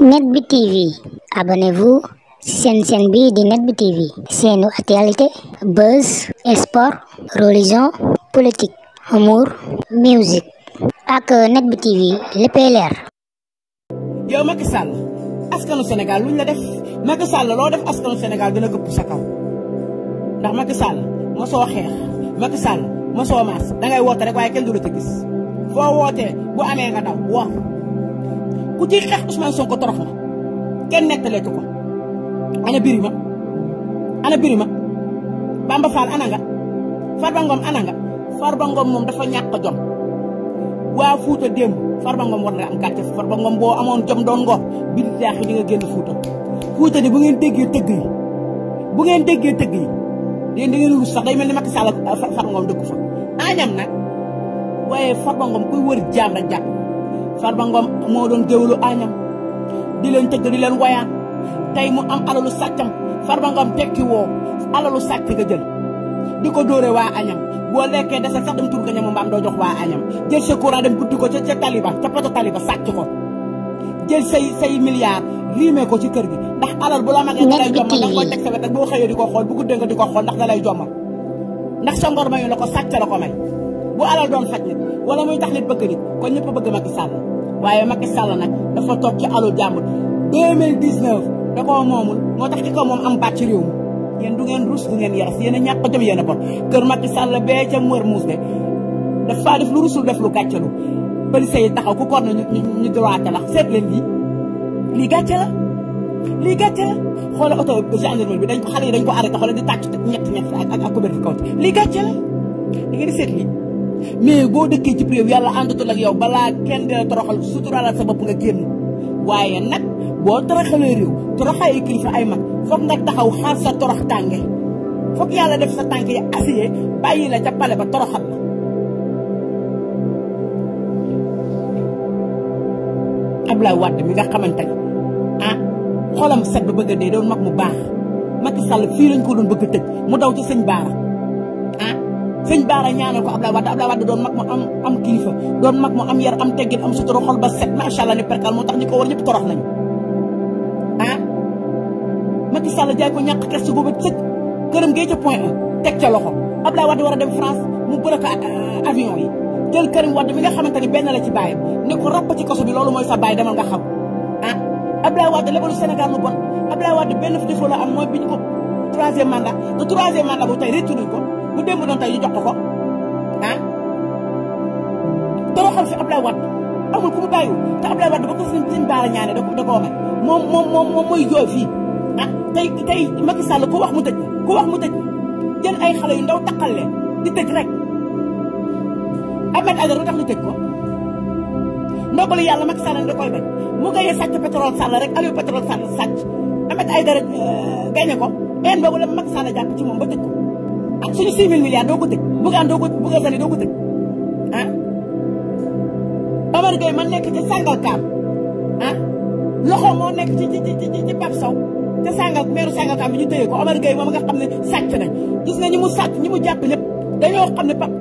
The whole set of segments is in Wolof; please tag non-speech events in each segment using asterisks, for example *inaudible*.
net bi tv abonnez-vous seen seen bi di net bi tv seenu actualité buzz sport religion politique humour musique ak net bi tv léppay leer yow Macky Sall askanu Sénégal luñ la def Macky Sall loo def askanu Sénégal dina këpp sa kaw ndax Macky Sall ma soo xeex Macky Sall ma soo maas dangay woote rek waaye kenn du la ci gis foo wootee bu amee nga daw wax ku ci xeex Ousmane Sonko torox na kenn nettaleetu ko ana Birima ana Birima Bamba Fall ana nga Farba Ngom ana nga Farba Ngom moom dafa ñàkk jom waa Fuuta démb Farba Ngom war na am gàcce Farba Ngom boo amoon jom doon ngor billaahi di nga génn Fuuta Fuuta di bu ngeen déggee tëgg yi bu ngeen déggee tëgg da ngeen rus sax day mel ni Macky Sall Farba Ngom dëkk fa añam nag waaye Farba Ngom kuy wër jaam rek Farba Ngom moo doon géwlu añam di leen tëgg di leen wayaan tey mu am alalu sàccam Farba Ngom tekki woo alalu sàcc nga jël di ko dóore waa añam boo lekkee dese sax dem tur ko ñamu jox waa añam jël sa courant dem guddi ko ca ca taliba ca poto taliba sàcc ko jël say say milliards riime ko ci kër gi ndax alal bu la magee da lay jommal ndax koy teg sa wet di ko xool bu guddee nga di ko xool ndax da lay jommal ndax sa ngor la ko sàcc la ko may bu alal doon faj nit wala muy tax nit bëgg nit kon ñëpp a bëgg Macky Sall waaye Macky Sall nag dafa toog ci alu jàmbur 2019 da koo moomul moo tax ci kaw moom am baat ci réew mi yéen du ngeen rus du ngeen yaras yéen a ñàkk a jom yéen a bon kër Macky Sall bee ca Mër Mousse de dafa def lu rusul def lu gàccalu police yi taxaw ku kor na ñu droité la seet leen lii lii gàcce la lii gàcce la xoolal oto gendarmerie bi dañ ko xale yi dañ ko arrêté xoolal di tàcc ñett ñett ak ak couvert-feu kaw lii gàcce la da ngeen di seet mais boo dëkkee ci réew yàlla àndatul ak yow balaa kenn dina toroxal suturaalaat sa bopp nga génn waaye nag boo toroxalee réew toroxal ay kilifa ay mag foog nga taxaw xaar sa torox tànge foog yàlla def sa tànk yi asiyee bàyyi la ca ba toroxal la Ablaye Wade mi nga xamante ne ah ba bëgg a dee doon mag mu baax ma Sall fii lañ ko doon bëgg a mu daw ci sëñ Baara ah, sëñ Baara ñaanal ko Ablaye Wade Ablaye Wade doon mag mu am am kilifa doon mag mu am yar am teggin am sutura xol ba set macha allah ne perkal moo tax ñi ko war ñëpp torox nañu. ah Macky Sall jaay ko ñàkk kersa googu sëkk këram gee ca point 1 teg ca loxo Ablaye Wade war a dem France mu bëre ko avion yi jël Karim Wade mi nga xamante ni benn la ci bàyyam ne ko rapp ci koso bi loolu mooy sa bàyyi demal nga xam ah Ablaye Wade lebalu Sénégal lu bon Ablaye Wade bu démb doon tey ñu jox ko ko ah toroxal fi Ablaye Wade amul ku mu bàyyiwul te Ablaye Wade ba ko suñ suñ baara ñaane da ko da koo may moom moom moom moom mooy jooy fii ah tey tey Macky Sall ku wax mu tëj ku wax ay xale yu ndaw taqal leen di tëj rek Ahmed Aïdara tax ñu tëj ko ndogalu yàlla Macky Sall da koy bañ mu gayee sàcc pétrole Sall rek Aliou pétrole Sall sàcc Ahmed Aïdara euh, gañe ko en boobu la Macky Sall jàpp ci moom ba tëj ak suñu six mille milliards doo ko tëj bugaan doo doo ko ah Babar Gueye man nekk ci kaam ah loxo moo nekk ci ci ci ci Pape Sow te sàngal meeru kaam bi ñu tëyee ko Omar Gueye moom nga xam ne sàcc nañ gis ñi mu sàcc ñi mu jàpp lépp dañoo xam ne Pape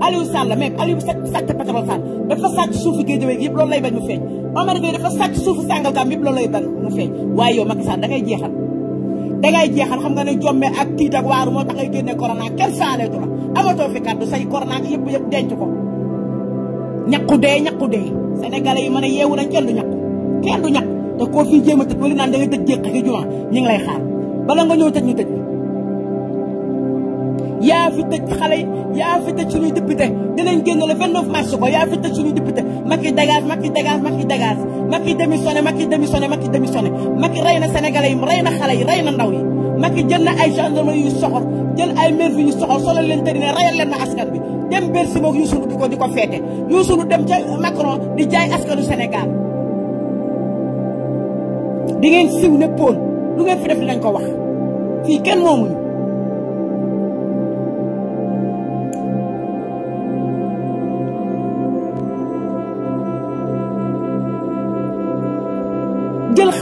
Aliou Sall même Aliou sàcc pétrole Sall dafa sàcc suufu géej gi yëpp loolu lay bañ mu feeñ Omar Gueye dafa sàcc suufu sàngal kaam yëpp loolu lay bañ mu feeñ waaye yow Macky Sall da ngay jeexal dangay jeexal xam nga ne jomme ak tiit ak waaru moo tax ngay génne corona kenn saaleetu amatoo fi kàddu say corona yëpp yëpp denc ko ñaqu dee ñaqu dee sénégalais yi mën a yeewu nañ kenn du ñaqu kenn du ñaq te koo fii jéem a tëj wala naan da ngay tëj jéqi juma ñu xaar bala nga ñëw tëj ñu tëj yaa fi tëj xale yi yaa fi tëj suñuy député dinañ génn le 29 mars ko yaa fi tëj suñuy député Macky dégage Macky dégage Macky dégage Macky démissionné Macky démissionné Macky démissionné Macky na sénégalais yi rey na xale yi rey na ndaw yi Macky jël na ay gendarmerie yu soxor jël ay nervi yu soxor solo leen tëri ne a leen na askan bi dem Bercy moog Youssou Ndour di ko di ko feete Youssou Ndour dem ca Macron di jaay askanu Sénégal di ngeen siw ne pon lu ngeen fi ko wax fii kenn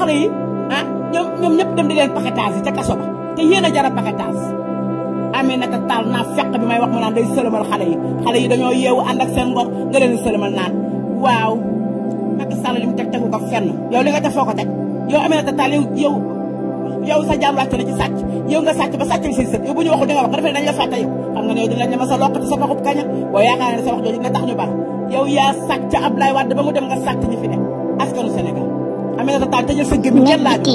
xale yi ah ñoom ñoom ñëpp dem di leen paquetage yi ca kaso ba te yéen a jar a paquetage amee naka taal fekk bi may wax mu naan day sëlëmal xale yi xale yi dañoo yeewu ànd ak seen ngox nga leen sëlëmal naan waaw Macky Sall li mu teg tegu ko fenn yow li nga def foo ko teg yow amee naka taal yow yow yow sa jaam wàcc na ci sàcc yow nga sàcc ba sàcc bi say yow bu ñu waxul di wax nga defee dañ la fàtte yow xam nga ne yow dinañ ne ma sa lokkati sa baxub kaña boo yaakaar sa yaa sàcc Ablaye Aminata Tall tëjal sa gémmiñ kenn laaju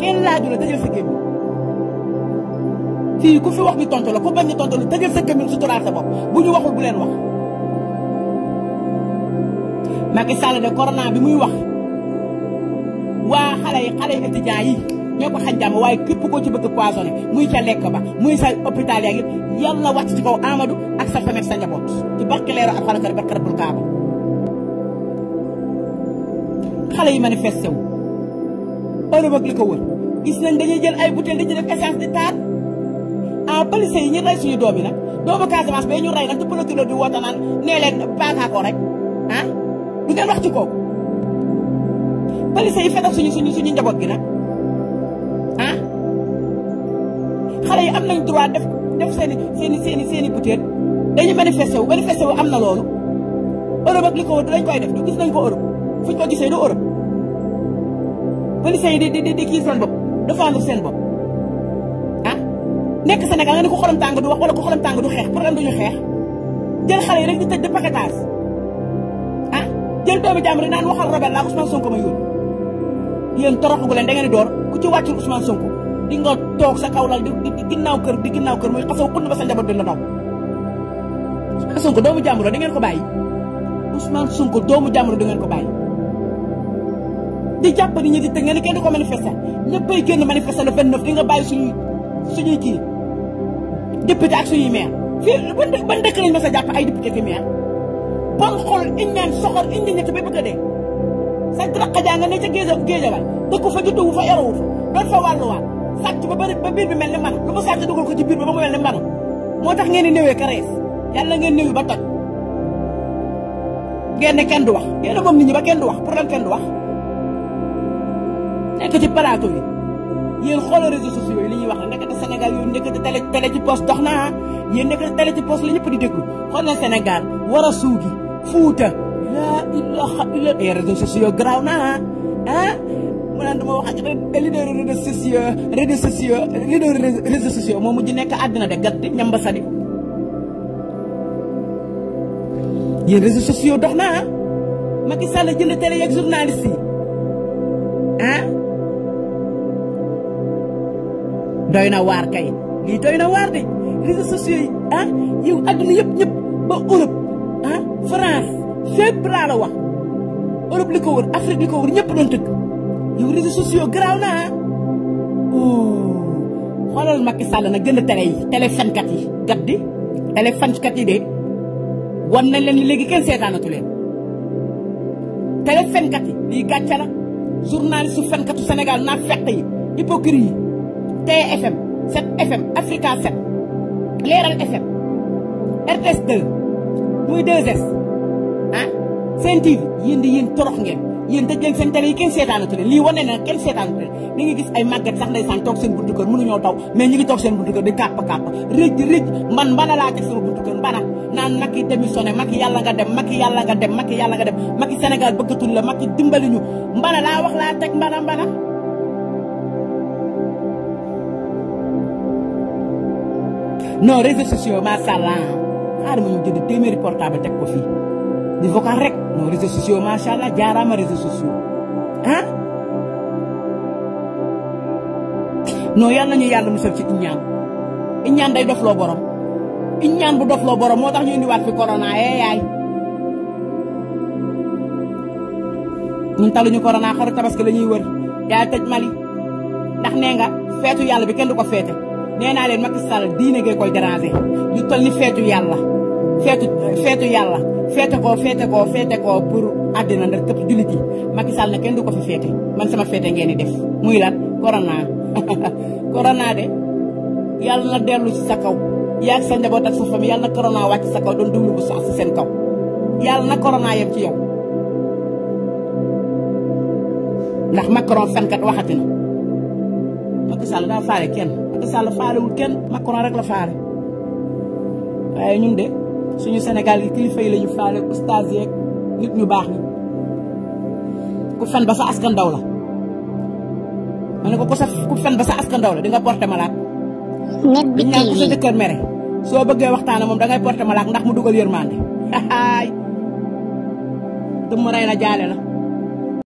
kenn laaju la tëjal sa fii ku fi wax ñu tontu la ku bañ ñu tontu la tëjal sa gémmiñ suturaal sa bopp bu ñu waxul bu leen wax Macky Sall de corona bi muy wax waa xale yi xale yi étudiants ñoo ko xañ jàmm waaye képp koo ci bëgg poisonné muy ca lekk ba muy sa hôpital yaa ngi yàlla wàcc ci kaw Amadou ak sa famille sa njaboot ci barke leeru ak xanakar barkar bul kaaba xale yi manifesté wu Europe li ko gis nañ dañuy jël ay butéel di ci def essence di taal ah policiers yi suñu doom yi nag doomu ñu rey nag te di woote naan nee leen rek ah du ngeen wax ci kooku policiers yi fetal suñu suñu suñu njaboot gi nag ah xale yi am nañ droit def def seen i butéel dañuy manifesté wu am na loolu Europe li ko wër koy def du gis nañ ko Europe fu ñu ko gisee du Europe. policiers yi di di di kii seen bopp défendre seen bopp ah nekk Sénégal nga ne ko xolam tàng du wax wala ko xolam tàng du xeex problème duñu xeex jël xale yi di tëj di paquetage ah jël doomu jàmbur rek naan waxal Robert laa Ousmane Sonko ma yónni yéen toroxagu leen da ngeen door ku ci wàccul Ousmane Sonko di nga toog sa kaw lal di di ginnaaw kër di ginnaaw kër muy xasaw xunn ba sa njaboot bi la naw Ousmane Sonko doomu jàmbur da ngeen ko bàyyi Ousmane Sonko doomu jàmbur di jàpp ni ñu di teg nga ni kenn du ko manifester ñëppay génn manifester le 29 di nga bàyyi suñuy suñuy kii député ak suñuy maire fii ban ban dëkk lañ a jàpp ay député ki maire ba bëgg a dee sa draqa jaa nga ne ca géej géej la dëkku fa juddu wu fa yaroo wu fa doon fa wàlluwaat sàcc ba bëri ba biir bi mel ni man lu ma sàcc dugal ko ci biir bi ba mel ni man moo tax ngeen di karees yàlla ngeen néew ba toj ngeen kenn du wax yéen a moom ñi ba kenn du wax pour lan kenn du wax nekk ci plateau yi yéen xoolal réseaux sociaux li ñuy wax la nekkati Sénégal yooyu nekkati télé télé ci poste dox naa yéen nekkati télé ci poste la ñëpp di déglu xoolal Sénégal war a suugi fuuta laa ilaha illa ay eh, réseaux sociaux garaaw naa ah mu naan dama wax ak leader réseaux sociaux réseaux sociaux leader réseaux sociaux moom mujj nekk àddina de gàtt ñamba sadi yéen réseaux sociaux dox naa ah. Macky Sall jënd télé yeeg journaliste yi ah doy na waar kay lii doy na waar de réseaux sociaux yi ah yow àdduna yëpp ñëpp ba Europe ah France fépp laa la wax Europe li ko wër Afrique li ko wër ñëpp doon tëgg yow réseaux sociaux garaaw na ah xoolal Macky Sall na gën a télé yi télé fenkat yi gat di télé fenkat de wan leen léegi kenn seetaanatu leen télé fenkat yi lii gàcca la su fenkatu Sénégal naa fekk yi hypocrite TFM 7FM Africa 7 Leeral FM RTS 2 muy 2S ah seen TV yéen di yéen torox ngeen yéen tëj leen seen télé yi kenn seetaanatu leen lii wane na kenn seetaanatu leen ni ngi gis ay màgget sax ndeysaan toog seen buntu kër mënuñoo daw mais ñu ngi toog seen buntu kër di kàpp kàpp rëcc rëcc man mbana laa gis sama buntu kër mbana naan Macky démissionné Macky yàlla nga dem Macky yàlla nga dem Macky yàlla nga dem Macky senegal bëggatul la Macky dimbali ñu mbana laa wax non réseaux sociaux macha allah xaaral ma ñu jënd téeméeri portable teg ko fii di vocal rek non réseaux sociaux macha jaaraama réseaux sociaux ah. non yal nañu yàlla musal ci iñaan iñaan day dofloo borom iñaan bu dofloo borom moo tax ñu indiwaat fi corona eh yaay. ñun taluñu corona xaru tabaski la ñuy wër yaay tëj Mali ndax nee feetu yàlla bi kenn du ko feete. nee naa leen Macky Sall diine gee koy déranger lu toll ni feetu yàlla feetu feetu yàlla feete koo feete koo feete koo ndax képp jullit yi na kenn du ko fi feete man sama feete ngeen di def muy lan corona *laughs* corona de yàlla na dellu ci sa kaw yaag ak sa yàlla na corona wàcc sa doon déglu bu si seen kaw yàlla na corona yem ci yow ndax Macron fenkat waxati na Macky Sall faale kenn Macky Sall faalewul kenn Macron rek la faale waaye la ñu faale oustaz yeeg nit ñu la ma ne ko ku sa sa askan daw la di nga porté soo bëggee waxtaane moom da ngay porté malade ndax mu dugal yërmande *laughs* ay te mu rey na jaale la